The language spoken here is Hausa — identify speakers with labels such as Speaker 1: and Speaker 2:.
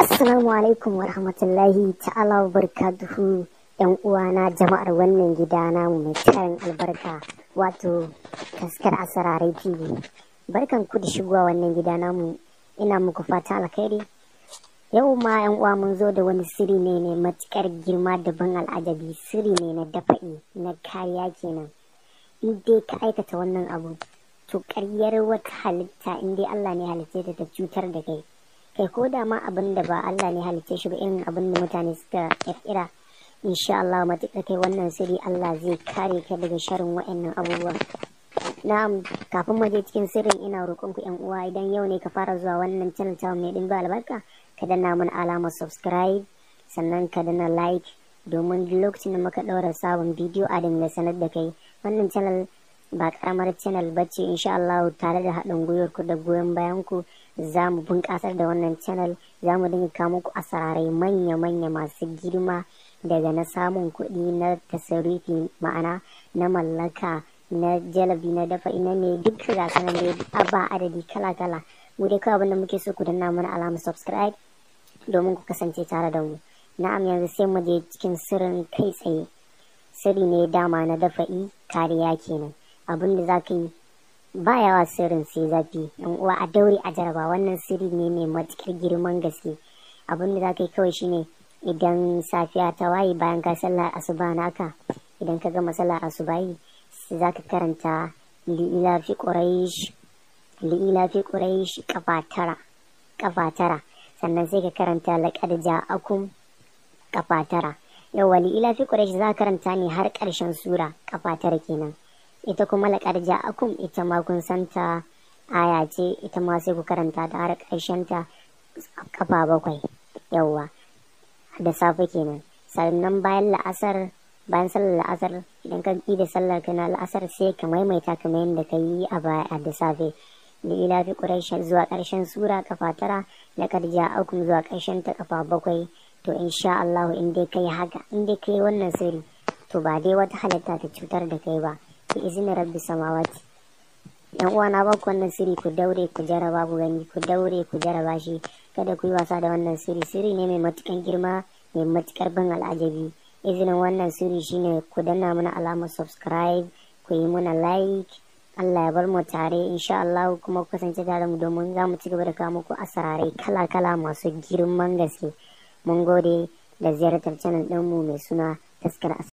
Speaker 1: Assalamu alaikum wa rahmatullahi ta'ala wa barakatuhu ‘yan uwana jama'ar wannan gida namu mai tarin albarka wato taskar asararai TV. Barkan ku da shigowa wannan gida namu ina muku fata alkhairi. Yau ma 'yan uwa mun zo da wani siri ne mai matukar girma da ban al'ajabi siri ne na dafa'i na kariya kenan. In dai ka aikata wannan abu, to karyar wata halitta in dai Allah ne halitta ta ta cutar da kai. Kai ko da ma abin da ba Allah ne halitta shi ba irin abin da mutane suka kirkira. Insha Allah matuƙa kai wannan sirri Allah zai kare ka daga shirin waɗannan abubuwa Na'am, kafin mu je cikin sirrin ina roƙon 'yan uwa idan yau ne ka fara zuwa wannan channel ta mai din ba albarka. ka na mana alama subscribe sannan ka na like domin lokacin da muka ɗaura sabon bidiyo a ya sanar da kai wannan channel ba karamar channel bace insha Allah tare da haɗin gwiwar ku da goyon bayan ku za mu bunƙasar da wannan channel za mu dinga kawo muku asararai manya-manya masu girma daga na samun kuɗi na tasarifi ma'ana na mallaka na jalabi na dafa ina ne duk da sanar ne ba adadi kala-kala mu dai kawai da muke so ku danna mana alamar subscribe domin ku kasance tare da mu na'am yanzu sai mu je cikin sirrin kai tsaye sirri ne dama na dafa'i kariya kenan abin da za ka yi ba yawa sirrin sai zafi yan uwa a daure a jaraba wannan sirri ne mai matukar girman gaske abin da za ka yi kawai shine idan safiya ta waye bayan ka sallar asuba naka idan ka gama sallar asuba yi za ka karanta li'ila fi quraish li'ila fi kafa tara sannan sai ka karanta laƙar ja'akum kafa tara yau wali ila fi ƙwarai za karanta ne har ƙarshen sura kafa kenan ita kuma laƙad ja'akum ita ma kun santa aya ce ita ma sai ku karanta ta har ƙarshen ta kafa bakwai yauwa da safe kenan sannan bayan la'asar bayan sallar la'asar idan ka da sallar kana la'asar sai ka maimaita kamar yadda ka yi a baya da safe ila fi quraisha zuwa karshen sura kafa tara laqad aku zuwa ƙarshen ta kafa bakwai to insha Allah in dai kai haka in dai kai wannan sirri to ba dai wata halitta ta cutar da kai ba ki izinin rabbi samawati yan uwa na baku wannan sirri ku daure ku jaraba ku gani ku daure ku jaraba shi kada ku yi wasa da wannan sirri sirri ne mai matukan girma mai matukar ban al'ajabi izinin wannan sirri shine ku danna mana alamar subscribe ku yi mana like Allah ya bar mu tare insha Allah kuma ku kasance tare mu domin za mu ci gaba da kawo muku kala-kala masu girman gaske mun gode da ziyartar channel ɗinmu mai suna taskar